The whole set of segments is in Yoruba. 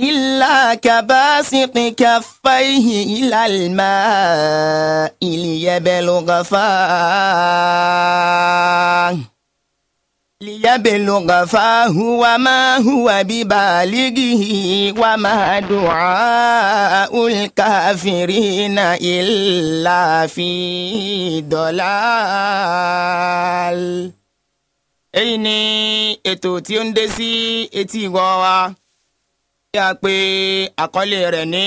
إلا كباسط كفيه إلى الماء ليبلغ فاه ليبلغ فاه وما هو ببالغه وما دعاء الكافرين إلا في ضلال èyí ni ètò tí ó ń dé sí etí ìgbọ́ wa a pé àkọlé rẹ̀ ní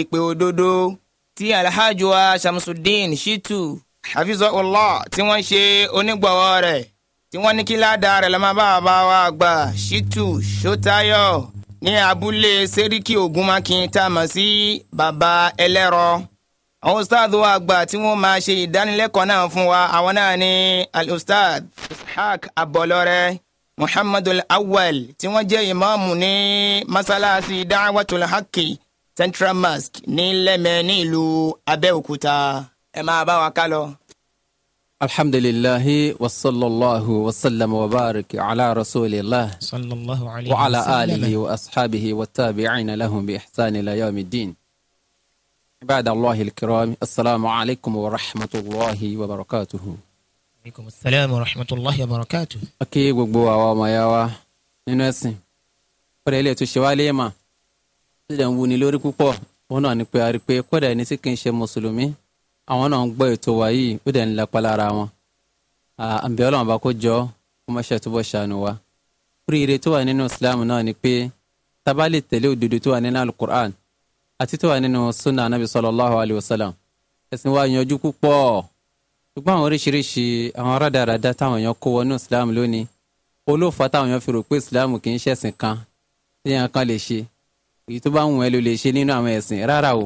ìpè òdodo tí alhaji wa shamsuddin shitu hafizahullah tí wọ́n ṣe onígbọ̀wọ́ rẹ̀ tí wọ́n ní kí ládàá rẹ̀ lọ́mọ bàbá wa àgbà shitu sotayo ní abúlé seriki ogunmakin tá a mọ̀ sí baba ẹlẹ́rọ àwọn ustaadu àgbà tí wọ́n máa ṣe ìdánilẹ́kọ̀ọ́ náà fún wa àwọn náà ní alustad ishaq abọlọrẹ muhammadul awwal tí wọ́n jẹ́ ìmáàmù ní masalasi da'watul haqqi central mosque ní lẹ́mẹ̀ ní ìlú abẹ́òkúta ẹ máa bá wa ká lọ. alhamdulillahi wa sallallahu wa sallam wa barik ala rasulillah wa ala alihi wa ashabihi wa tabi'ina lahum bi ihsani ila yawmi din. ibadallah alkiram assalamu alaykum wa rahmatulahi wa barakatuhu aleykum salaam wa rahmatulahi wa barakatu. a kí gbogbo àwa ọmọ ya wa nínú ẹ̀sìn kọ́dà ilé tó ṣe wá léèmà tó dẹ̀ ń wuni lórí púpọ̀ wọn náà ní pé a rí pé kọ́dà ẹni tí kì í ṣe mùsùlùmí àwọn náà ń gbọ́ ètò wa yìí ó dẹ̀ ń lapa lára wọn. àǹbẹ̀ ọlọ́run bá kó jọ kó má ṣe túbọ̀ ṣàánú wa. oríire tó wà nínú islam náà ni pé tábà lè tẹ̀lé òdodo tó wà nínú alukur'an àti tó wà nínú sunna anabi sallallahu alayhi wa sallam ẹ̀sìn wa yanjú púpọ̀ ṣùgbọ́n àwọn oríṣiríṣi àwọn rádaràda táwọn èèyàn kó wọnú islam lónìí olóòfà táwọn èèyàn fi rò pé islam kì í ṣẹ̀sìn kan tí èèyàn kan lè ṣe èyí tó bá wù ẹ́ ló lè ṣe nínú àwọn ẹ̀sìn rárá o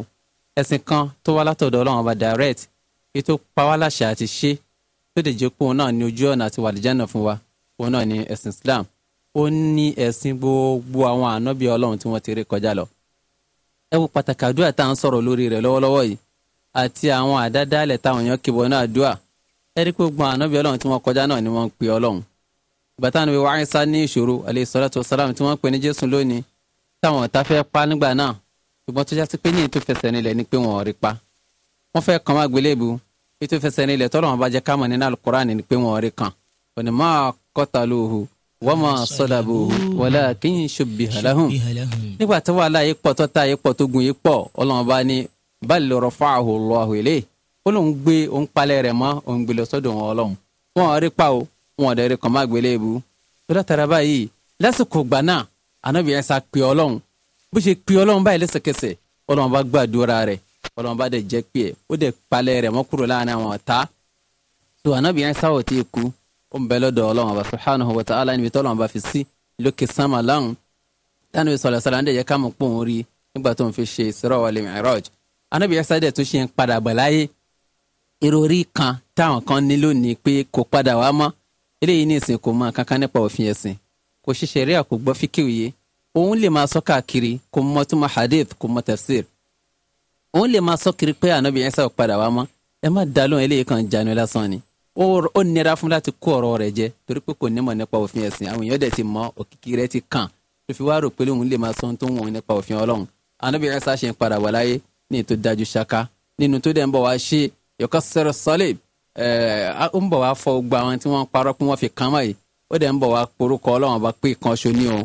ẹ̀sìn kan tó wá látọ̀dọ̀ ọlọ́run ọba direct èyí tó pa wá láṣẹ àti ṣe tó dè jẹ́ pé òun náà ní ojú ọ̀nà àti wàlìjánà fún wa òun náà ní ẹ̀sìn islam ó ní ẹ̀sìn gbogbo àwọn ànábì àti àwọn àdádálẹ̀ táwọn èèyàn kìbọ̀ náà àdúrà ẹ̀rí pé gbọ́n ànábì ọlọ́run tí wọ́n kọjá náà ni wọ́n ń pe ọlọ́run bàtà ni wàá sá ní ìṣòro alayhi salatu wassalam tí wọ́n ń pè ní jésù lónìí táwọn ọ̀tá fẹ́ pa nígbà náà ṣùgbọ́n tó jásí pé ní ètò fẹsẹ̀ nílẹ̀ ni pé wọ́n rí pa wọ́n fẹ́ kàn má gbélébù ètò fẹsẹ̀ nílẹ̀ tọ́lọ́run bá jẹ́ kámọ̀ nínú alukoran ni pé wọ́n rí kan òní máa qataluhu wa ma salabuhu walakin shubbiha lahum nígbà tó wà láàyè pọ̀ tó táyè pọ̀ pọ̀ ọlọ́run bal rafa'ahu Allahu ilayhi ó lóun gbé òun palẹ̀ rẹ̀ mọ́ òun gbé lọ sọ́dọ̀ wọn ọlọ́run wọn ò rí pa o wọn ò dẹ̀ rí kàn má gbélé bu lọ́dọ̀ tara báyìí lásìkò gbà náà ànábì Ìsá pè ọlọ́run bó ṣe pè ọlọ́run báyìí lẹ́sẹ̀kẹsẹ̀ ọlọ́run bá gbàdúrà rẹ̀ ọlọ́run bá dẹ̀ jẹ́ pé ẹ̀ ó dẹ̀ palẹ̀ rẹ̀ mọ́ kúrò láàrin àwọn ọ̀tá tó ànábì Ìsá ò tí ì ó ń bẹ lọ́dọ̀ ọlọ́run ọba subhanahu wa ta'ala níbi tọ́lọ́run bá fi sí lókè sánmà láhùn táwọn ìsọ̀lẹ̀ anabi isa dẹ̀ tó ṣe ń padà bọ̀ láyé ìròrí kan táwọn kan ní lónìí pé kò padà wá mọ́ eléyìí ní ìsìn kò mọ kankan nípa òfin ẹ̀sìn kò ṣe ṣẹ̀ríà kò fíkìwìyé òun lè máa sọ káàkiri kò mọ tó hadith kò mọ tafsir òun lè máa sọ kiri pé anabi isa ò padà wá mọ́ ẹ má dá lóhùn eléyìí kan jánu lásán ni ó nira fún láti kó ọ̀rọ̀ rẹ̀ jẹ torí pé kò nímọ̀ nípa òfin ẹ̀sìn àwọn èèyàn dẹ̀ ti mọ òkìkí rẹ̀ ti kàn tó fi wá rò pé lóhùn lè máa sọ ohun tó ń wọ̀n nípa òfin ọlọ́run anabi isa ṣe ń padà wà láyé ní ètò dájú ṣáká nínú tó dẹ̀ ń bọ̀ wá ṣe yọkọ́ sẹ́rẹ̀ sọ́lẹ̀ ó ń bọ̀ wá fọ gbogbo àwọn tí wọ́n parọ́ pé wọ́n fi kàn wáyé ó dẹ̀ ń bọ̀ wá porúkọ ọlọ́run bá pé kan ṣo ní o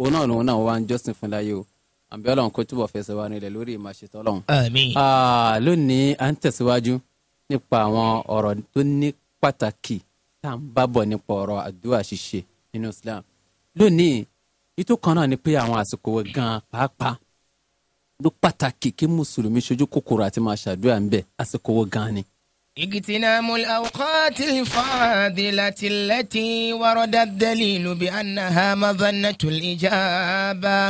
òun náà lòun náà wá ń jọ́sìn fún láyé o àbí ọlọ́run kó túbọ̀ fẹsẹ̀ wá nílẹ̀ lórí ìmáṣetọ́ ọlọ́run. lónìí à ń tẹ̀síwájú nípa àwọn ọ̀rọ̀ tó ní pàtàkì tá à ń bá bọ̀ nípa ọ̀rọ̀ àdúrà ṣíṣe nínú Islam lónìí ìtò náà ni pé àwọn àsìkò gan pàápàá ló pàtàkì kí mùsùlùmí ṣojú kòkòrò àti máa ṣàdúrà ń bẹ̀ àsìkò wo gan ni. اجتنام الأوقات الفاضلة التي ورد الدليل بأنها مظنة الإجابة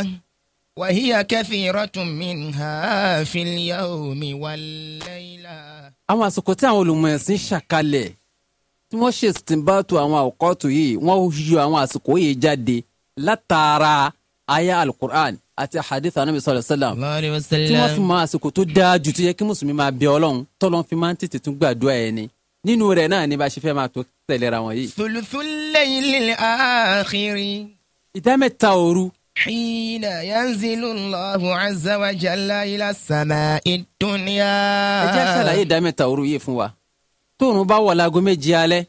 وهي كثيرة منها في اليوم والليلة àwọn àsìkò tí àwọn olùmọ̀ ẹ̀sìn ṣàkalẹ̀ tí wọ́n ṣe ìsìnbátu àwọn àwòkọ́tù yìí wọ́n yọ àwọn àsìkò yìí jáde látara aya alukur'an àti hadith anabi sallallahu alaihi wasallam tí wọ́n fi máa àsìkò tó dáa jù tó yẹ kí mùsùlùmí máa bẹ ọlọ́run tọ́lọ́n fi máa ń tètè tún gbàdúrà ẹ̀ ni nínú rẹ̀ náà ni bá ṣe fẹ́ máa tó tẹ̀léra wọn yìí. thuluthul laylil akhiri. ìdá mẹ́ta òru حين ينزل الله عز وجل إلى السماء ẹ jẹ́ ṣàlàyé ìdá mẹ́ta òru yìí fún wa tóun bá wọ̀ láago méje alẹ́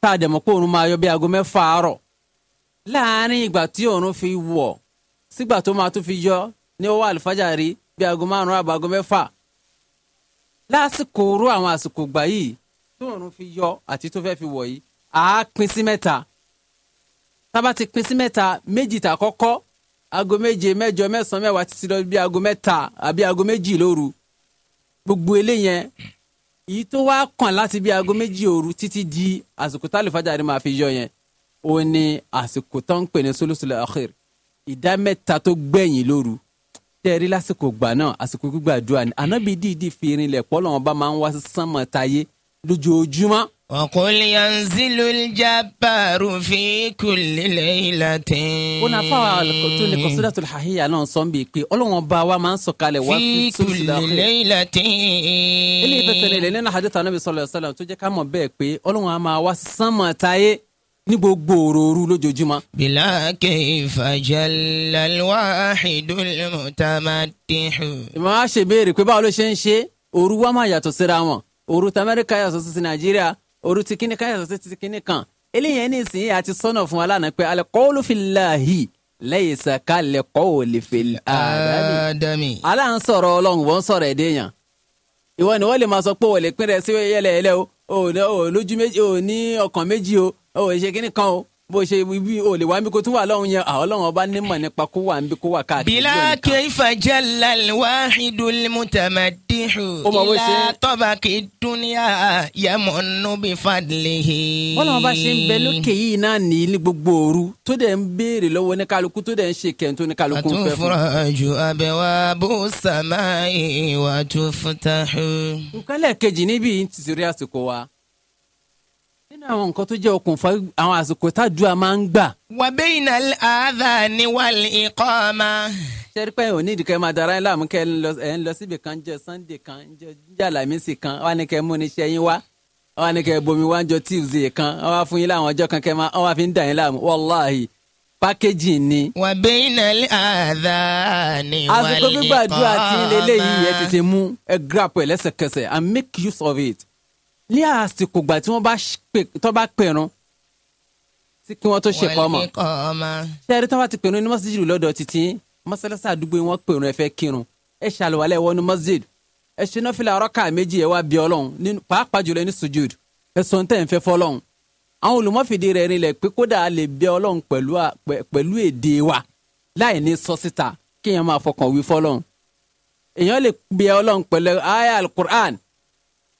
tá a dẹ̀ mọ̀ máa yọ bí aago mẹ́fà àárọ̀ láàárín ìgbà tí òòrùn fi wọ̀ sígbà tó máa tún fi yọ ní ọwọ́ àlùfájàrí bíi aago márùn-ún àbáago mẹ́fà lásìkò orú àwọn àsìkò ìgbà yìí tó òòrùn fi yọ àti tó fẹ́ fi wọ̀ yìí àá pín sí mẹ́ta tába ti pín sí mẹ́ta méjì tà kọ́kọ́ aago méje mẹ́jọ mẹ́sàn-án mẹ́wàá títí lọ bí aago mẹ́ta àbí aago méjì lóru gbogbo eléyẹn èyí tó wá kàn láti bí aago méjì òru títí di àsìkò tálífàjà rí máa fi yọ yẹn ó ní àsìkò tó ń pè ní sólùsùlù akhir ìdá mẹ́ta tó gbẹ̀yìn lóru tẹ́rí lásìkò gbà náà àsìkò gbígbàdúrà ni ànábì dìídì fi irinlẹ̀ pọ́lọ́ wọn bá máa ń wá sí sánmọ̀ táyé lójoojúmọ́. وقل ينزل الجبار في كل ليلة. ó náà fáwọn àlùkòtò ní Qasīdatul Hāḥiyya náà sọ ń bíi pé ọlọ́wọ́n bá wa máa ń sọ̀kalẹ̀ wá sí sùsùlà ọ̀hún. fi kulli laylatin. ilé ìfẹsẹ̀ ní gbogbo òròòru lójoojúmọ́. bila kayfa jalla al-wahidul mutamattih. ìmọ̀ á ṣe béèrè pé báwo ló ṣe ń ṣe òru wa máa yàtọ̀ síra wọn òru tamẹ́ríkà yàtọ̀ sí ti nàìjíríà òru ti kíní kan yàtọ̀ sí ti kíní kan eléyìí ní ìsìn àti sọ́nà fún wa lánàá pé al-qawlu fillahi laysa kal-qawli fil adami. alá ń sọ̀rọ̀ ọlọ́run wọ́n sọ̀rọ̀ ẹ̀dẹ́ wọ́n lè ó ṣe kíní kan o bó ṣe ibi ò lè wá níbi wà lọ́hùn yẹn àwọn ọlọ́run ọba nímọ̀ nípa kó wà níbi wà káàkiri. bila kayfa jalla al-wahidul mutamaddihu ila tabaqi dunya yamunnu bi fadlihi. wọ́n làwọn bá ṣe ń bẹ lókè yìí náà ní ní gbogbo òru tó dẹ̀ ń béèrè lọ́wọ́ ní kálukú tó dẹ̀ ń ṣe kẹ́ńtó ní kálukú ń fẹ́ fún. àtúnfọ̀jù abwabu samai wa tuftahu. nǹkan lẹ́ẹ̀kejì níbí ti nínú àwọn nǹkan tó jẹ́ okùnfà àwọn àsìkò tàdúrà máa ń gbà. wà bẹ́ẹ̀ iná àádá ni wà ní ikọ́ ma. sẹ́rí pé òní ìdíkẹ́ máa dara ẹ̀ láàmú kẹ́ ẹ̀ ń lọ síbi kan jẹ́ sunday kan jẹ́ jàlámísì kan wà ní kẹ́ mú ní sẹ́yìn wá wà ní kẹ́ bomi wá jọ tuesday kan wà fún yín láwọn ọjọ́ kan kẹ́ máa wà fi ń dà yín láàmú wàláhì pákéjì ni. wà bẹ́ẹ̀ iná àádá ni wà ní ikọ́ ma. àsìkò gbígbàdúrà of it ní àsìkò ìgbà tí wọ́n bá pẹ̀rùn tí kí wọ́n tó ṣe kọ́ ọmọ ṣẹ́ẹ́rì tí wọ́n bá ti pẹ̀rùn ní masjid lọ́dọ̀ títí mọ́sálásí àdúgbò wọn pẹ̀rùn ẹ fẹ́ kírun ẹ ṣàlùwalẹ̀ wọnú masjid ẹ ṣe náà fìlà ọ̀rọ̀kà méjì ẹ wá bí ọlọ́run pàápàá jùlọ ní sujud ẹ sọ tẹ́ ẹ̀ ń fẹ́ fọlọ́run àwọn olùmọ́fìdí rẹ̀ rinlẹ̀ pé kódà a lè bí ọlọ́run pẹ̀lú èdè wa láì ní sọ síta kéèyàn máa fọkàn wí fọlọ́run èèyàn lè bí ọlọ́run pẹ̀lú aya al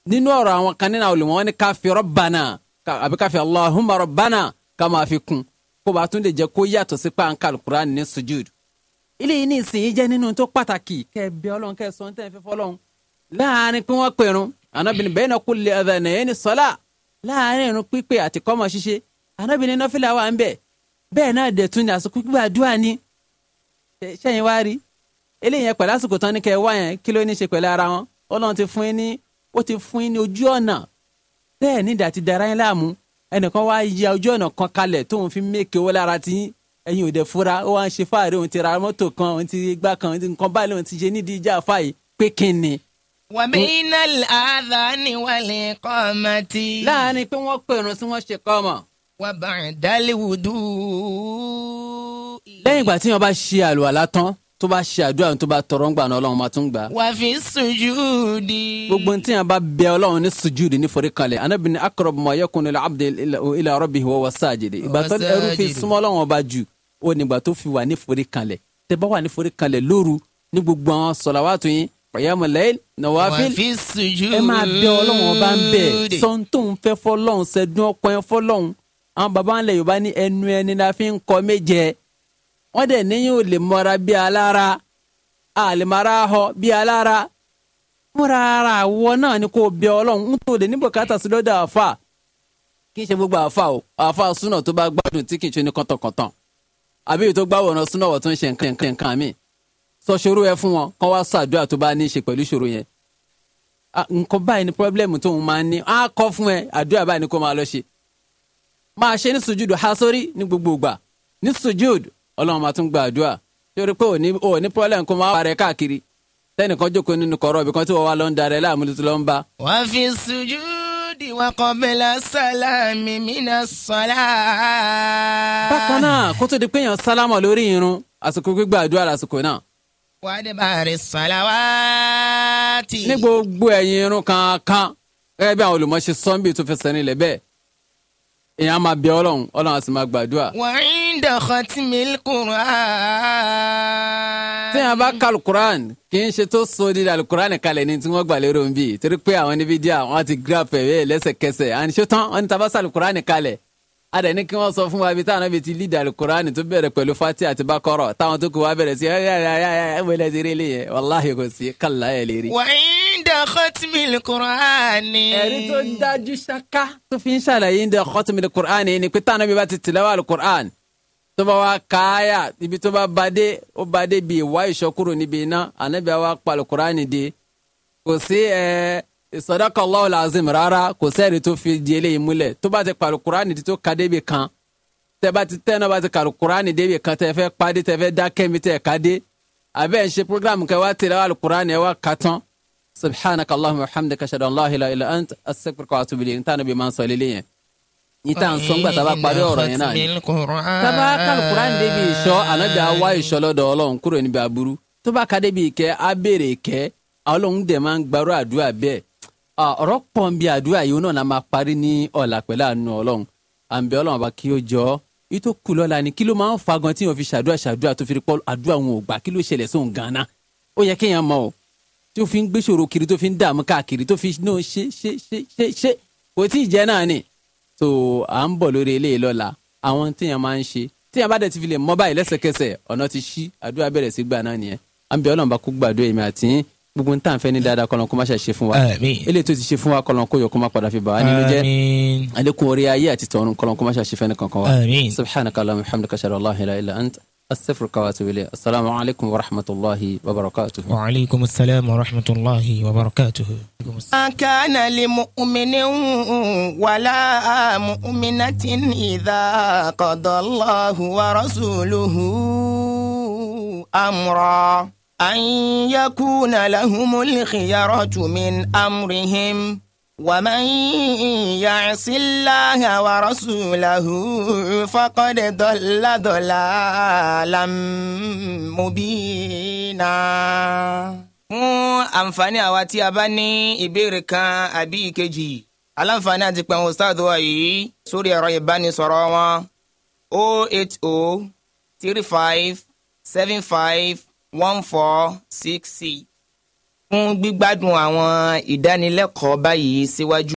nínú ọ̀rọ̀ àwọn kan nínú àwọn olùmọ̀ wọn ni ká fi Rabbana àbí ká fi Allahumma Rabbana ká máa fi kún kó bá tún lè jẹ́ kó yàtọ̀ sí pàǹkà Al-Qur'an ní sujud. ilé yìí ní ìsìn jẹ́ nínú tó pàtàkì kẹ́ ẹ bí ọlọ́run kẹ́ ẹ sọ tẹ́ ẹ fi fọlọ́run. láàárín pé wọ́n pèrún anábìnrin bẹ́ẹ̀ náà kú lè ọ̀dà ẹ̀nẹ́yẹ́ ní sọ́lá láàárín irun pípé àti kọ́mọ ṣíṣe anábìnrin nọ́fìlà wà ń bẹ̀ bẹ́ẹ̀ náà dẹ̀ tún ní àsìkò gbàdúrà ni ṣẹ́yìn wá rí ó ti fún yín ní ojú ọ̀nà bẹ́ẹ̀ nídà ti dara yín láàmú ẹnìkan wá ya ojú ọ̀nà kan kalẹ̀ tóun fi mékè owó lára tí ẹ̀yin ò dẹ̀ fura ó wá ń ṣe fáàrí òun ti ra mọ́tò kan òun ti gbá kan nǹkan báyìí òun ti ṣe nídìí ìjà fáyì pé kí ni. wàmínà àdá ni wà lè kọ́ ọmọ tí. láàárín pé wọ́n pè irun tí wọ́n ṣe kọ́ ọmọ. wà bàrẹ̀ dálé lẹ́yìn ìgbà tí wọ́n bá ṣe àlùwàlá tán tó bá ṣe àdúrà tó bá tọrọ ń gbà náà ọlọ́run máa tún gbà. wà á fi sùjúùdì. gbogbo ntí yẹn bá bẹ ọlọ́run ní sùjúùdì ní forí anabi ni akọrọbù ma yẹkun ilẹ̀ abdi ilẹ̀ arọ́bì wa wà sáàjìdì. ìgbà tó ẹrú fi súnmọ́ ọlọ́run ọba jù ó nígbà tó fi wà ní forí kalẹ̀ tẹ bá wà ní forí kalẹ̀ lóru ní gbogbo àwọn sọ̀làwàtò yín ọ̀yàmọ̀ lẹ́yìn nàwáfíì ẹ máa bẹ ọlọ́run ọba ń bẹ̀ wọ́n dẹ̀ níyìn ò lè mọ́ra bí alára àlèmọ́ra họ bí alára múra ara àwọ náà ni kò bẹ ọlọ́run ń tó lè ní bùkátà sí lọ́dọ̀ àáfà kì í ṣe gbogbo àáfà o àáfà súnà tó bá gbádùn tí kì í ṣe ní kọ̀tọ̀kọ̀tàn àbí èyí gbá wọ̀nà súnà wọ̀ tó ń ṣe nǹkan nǹkan mi sọ ṣòro ẹ fún wọn kán wá sọ tó bá ní í ṣe pẹ̀lú ìṣòro yẹn nǹkan báyìí ni pírọ́blẹ́mù tóun máa ń ní á kọ́ fún ẹ àdúrà báyìí ni kó máa lọ ṣe máa ṣe ní sùjúdù hasori ní gbogbo ìgbà ní sùjúdù ọlọ́run máa tún gba àdúrà torí pé òní òní pọ́lẹ́ǹ kó máa wà rẹ káàkiri tẹ́nìkan jókòó nínú kọ̀rọ̀ ibì kan tí wọ́n wá lọ ń darẹ̀ láàmú tuntun ló ń bá. wà á fi sùjúdì wa qabla sálámì mínà sọ́lá. bákan náà kó tó di pé èèyàn sálámọ̀ lórí irun àsìkò gbígbà àdúrà lásìkò náà. wà á dé bá rẹ sàlàwátì. ní gbogbo ẹ̀yìn irun kankan gẹ́gẹ́ bí àwọn olùmọ̀ṣe sọ́ńbì tó fẹsẹ̀ nílẹ̀ bẹ́ẹ̀ èèyàn máa bẹ ọlọ́run ọlọ́run inda khatimil Qur'an. tí a bá ka alukuran kì í ṣe tó so dídá alukuran kalẹ̀ ní tí wọ́n gbà lérò ń bì torí pé àwọn níbi díà wọ́n ti gírà pẹ̀lú lẹ́sẹ̀kẹsẹ̀ àni ṣé tán wọ́n ní tá a bá sa alukuran kalẹ̀ a dẹ̀ kí wọ́n sọ fún wa ibi táwọn ibi ti lídà alukuran tó bẹ̀rẹ̀ pẹ̀lú fati àti bakọ́rọ̀ táwọn tó kù wá bẹ̀rẹ̀ sí wẹ́lẹ̀ ti rí lẹ́yẹ wàláhi kò sí kàlá ẹ̀ lè rí. wà á inda khatimil Qur'an. ẹ̀rí tó dájú ṣáká tó fi ń ṣàlàyé inda khatimil Qur'an ni pé táwọn ibi bá ti tìlẹ́wà alukuran tó wa káyà ibi tó bá badé ó badé bi ìwá ìṣọkúrò níbi iná ànábì àwa pàlùkùránì de kò sí ẹ sadaqa Allahu lazim rárá kò sẹ́ẹ̀rì tó fi di eléyìí múlẹ̀ tó bá ti pàlùkùránì tó ka débi kan tẹ bá ti tẹ́ náà bá ti kàlùkùránì débi kan tẹ fẹ́ padé tẹ fẹ́ dá kẹ́mi tẹ ká dé abẹ́ ẹ̀ ṣe programu kẹ wá tẹ̀lé wà lùkùránì ẹ wá ka subhanaka Allahumma wa hamdaka ashhadu la ilaha illa anta astaghfiruka wa atubu ilayk nítorí bí máa ń sọ lélẹ́yìn yìí tá à ń sọ ńgbà tá a bá parí ọ̀rọ̀ yẹn náà ni tábà kálukura ń débi ìṣọ́ ànájà wá ìṣọ́ lọ́dọ̀ ọlọ́run kúrò níbi aburú tó bá ka débi ìkẹ́ á béèrè ìkẹ́ ọlọ́run dẹ̀ máa ń gbarú àdúrà bẹ́ẹ̀ ọ̀rọ̀ pọ̀ ń bi àdúrà yìí náà la máa parí ní ọ̀la pẹ̀lú àánú ọlọ́run à ọlọ́run bá kí ó jọ yìí tó ni kí ló máa ń fa gan tí wọ́n fi ṣàdúrà ṣàdúrà tó fi pọ́ àdúrà wọn ò gbà kiri tó fi ń dààmú káàkiri tó fi náà ṣe ṣe ṣe ṣe ṣe kò so à ń bọ̀ lórí eléyìí lọ́la àwọn téèyàn máa ń ṣe téèyàn bá dẹ̀ ti fi lè mọ́ báyìí lẹ́sẹ̀kẹsẹ̀ ọ̀nà ti ṣí àdúrà bẹ̀rẹ̀ sí gbà náà nìyẹn à ń bẹ Ọlọ́run bá kó gbàdúrà èmi àti yín gbogbo n tàn fẹ́ ní dáadáa kọlọn kó má ṣe ṣe fún wa eléyìí tó ti ṣe fún wa kọlọn kó yọ kó má padà fi bà wá nínú jẹ́ àlékún orí ayé àti tọ̀run kọlọn kó má ṣe ṣe fẹ́ ní kankan wa subhanaka allahumma wa bihamdika ashhadu an la ilaha illa anta. الصفر الكواتبي السلام عليكم ورحمة الله وبركاته وعليكم السلام ورحمة الله وبركاته ما كان لمؤمن ولا مؤمنة إذا قضى الله ورسوله أمرا أن يكون لهم الخيرة من أمرهم ومن يعص الله ورسوله فقد ضل ضلالا مبينا. fún àǹfààní àwa tí a bá ní ìbéèrè kan àbí ìkejì aláǹfààní àti pẹ̀hùn ustaadu wa yìí sórí ẹ̀rọ ìbánisọ̀rọ̀ wọn o oh eight o oh three fún gbígbádùn àwọn ìdánilẹ́kọ̀ọ́ báyìí síwájú